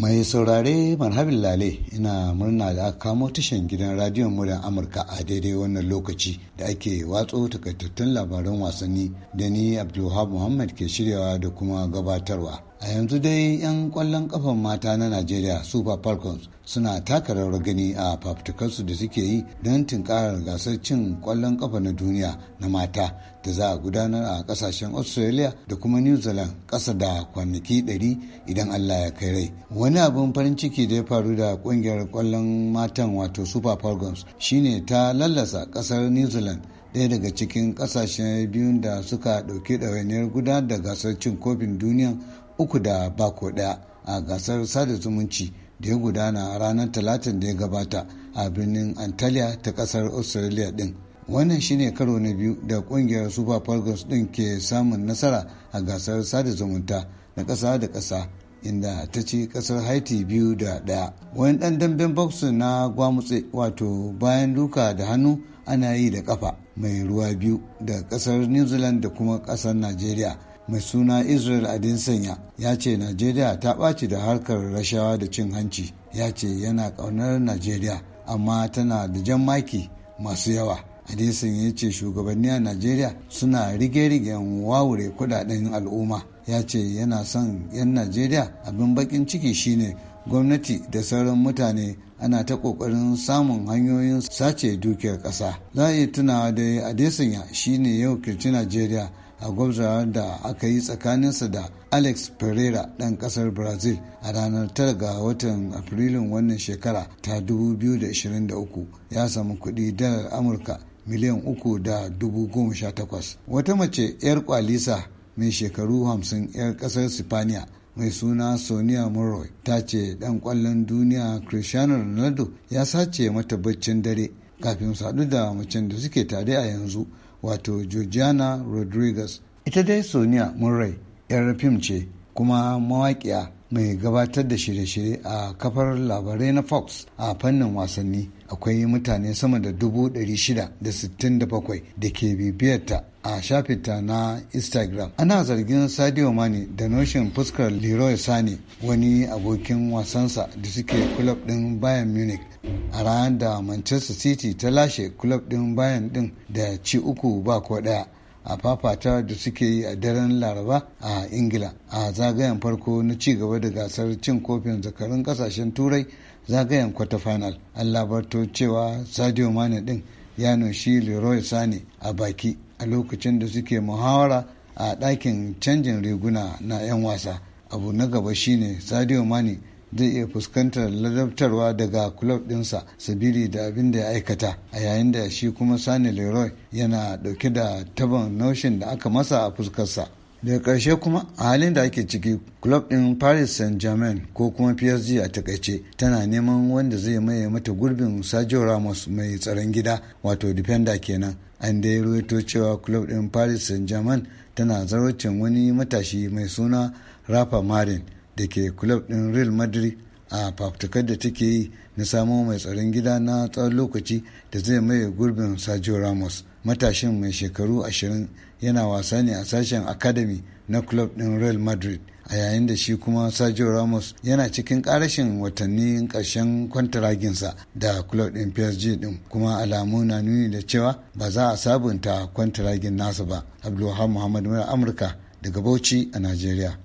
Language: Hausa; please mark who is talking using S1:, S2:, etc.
S1: mai saurare marhabin lale ina murna da aka kamo tashan gidan radiyon muryar amurka a daidai wannan lokaci da ake watso takaitattun labaran wasanni da ni abdulhab muhammad ke shiryawa da kuma gabatarwa a yanzu dai 'yan kwallon kafan mata na najeriya super falcons suna taka rawar gani a fafutukarsu da suke yi don tunkarar gasar cin kwallon kafa na duniya na mata da za a gudanar a kasashen australia da kuma new zealand kasa da kwanaki 100 idan allah ya kai rai wani abin farin ciki da ya faru da kungiyar kwallon matan wato super falcons shine ta lallasa kasar new zealand ɗaya daga cikin ƙasashen biyun da suka ɗauki ɗawainiyar gudanar da gasar cin kofin duniya uku da bako ɗaya a gasar sada zumunci da ya gudana ranar talatin da ya gabata a birnin antalya ta kasar australia din wannan shine karo na biyu da kungiyar super falcons din ke samun nasara a gasar sada zumunta na kasa da kasa inda ta ci kasar haiti biyu da daya wani dan damben boxing na gwamutse wato bayan duka da hannu ana yi da kafa mai ruwa biyu da kasar new zealand da kuma kasar nigeria mai suna israel adinsanya ya ce najeriya ta ɓaci da harkar rashawa da cin hanci ya ce yana ƙaunar najeriya amma tana da jan maki masu yawa adinsanya ya ce shugabanni a najeriya suna rige-rigen wawure kudaden al'umma ya ce yana son 'yan najeriya abin bakin ciki shine gwamnati da sauran mutane ana ta kokarin samun hanyoyin sace dukiyar ƙasa za a iya tunawa da adesanya shine yau kirci najeriya a gwabzawar da aka yi tsakaninsa da alex pereira ɗan ƙasar brazil a ranar 9 ga watan afrilun wannan shekara ta 2023 ya samu kuɗi dalar amurka miliyan uku da dubu goma sha takwas wata mace 'yar kwalisa mai shekaru 50 'yar ƙasar sipaniya mai suna sonia murray ta ce ɗan ƙwallon duniya cristiano ronaldo ya sace mata baccin dare kafin su haɗu da macen da suke tare a yanzu wato georgiana rodriguez ita dai sonia murray 'yar fim ce kuma mawaƙiya mai gabatar da shirye-shirye a kafar labarai na fox a fannin wasanni akwai mutane sama da dubu shida da sittin da bakwai da ke bibiyarta a shafinta na instagram ana zargin sadio mani da noshin fuskar leroy sani wani abokin wasansa da suke kulob din bayan munich a ranar da manchester city ta lashe kulob din bayan din da ci uku ba ko ɗaya a fafata da suke yi a daren laraba a ingila a zagayen farko na ci gaba da gasar cin kofin zakarun kasashen turai zagayen kwata final an labarto cewa sadio mane din ya nushi leroy sane a baki a lokacin da suke muhawara a ɗakin canjin riguna na 'yan wasa abu na gaba shine sadio mane zai iya fuskantar ladabtarwa daga kulob sa sabili da abin da ya aikata a yayin da shi kuma sani leroy yana dauke da tabon naushin da aka masa a fuskarsa daga karshe kuma a halin da ake ciki club ɗin paris saint-germain ko kuma psg a takaice tana neman wanda zai maye mata gurbin sergio ramos mai tsaron gida wato defender kenan an dai ruwaito cewa club ɗin paris saint-germain tana zarocin wani matashi mai suna rafa marin da ke club ɗin real madrid a fafutukar da take yi na samo mai tsaron gida na tsawon lokaci da zai maye gurbin Sergio Ramos. Matashin mai shekaru 20 yana wasa ne a sashen Academy na club ɗin Real Madrid. A yayin da shi kuma Sergio Ramos yana cikin ƙarashin watanni ƙarshen kwantaraginsa da club ɗin PSG ɗin kuma alamu na nuni da cewa ba za a sabunta kwantaragin nasa ba. Abdulhamid Muhammad Amurka daga Bauchi a Najeriya.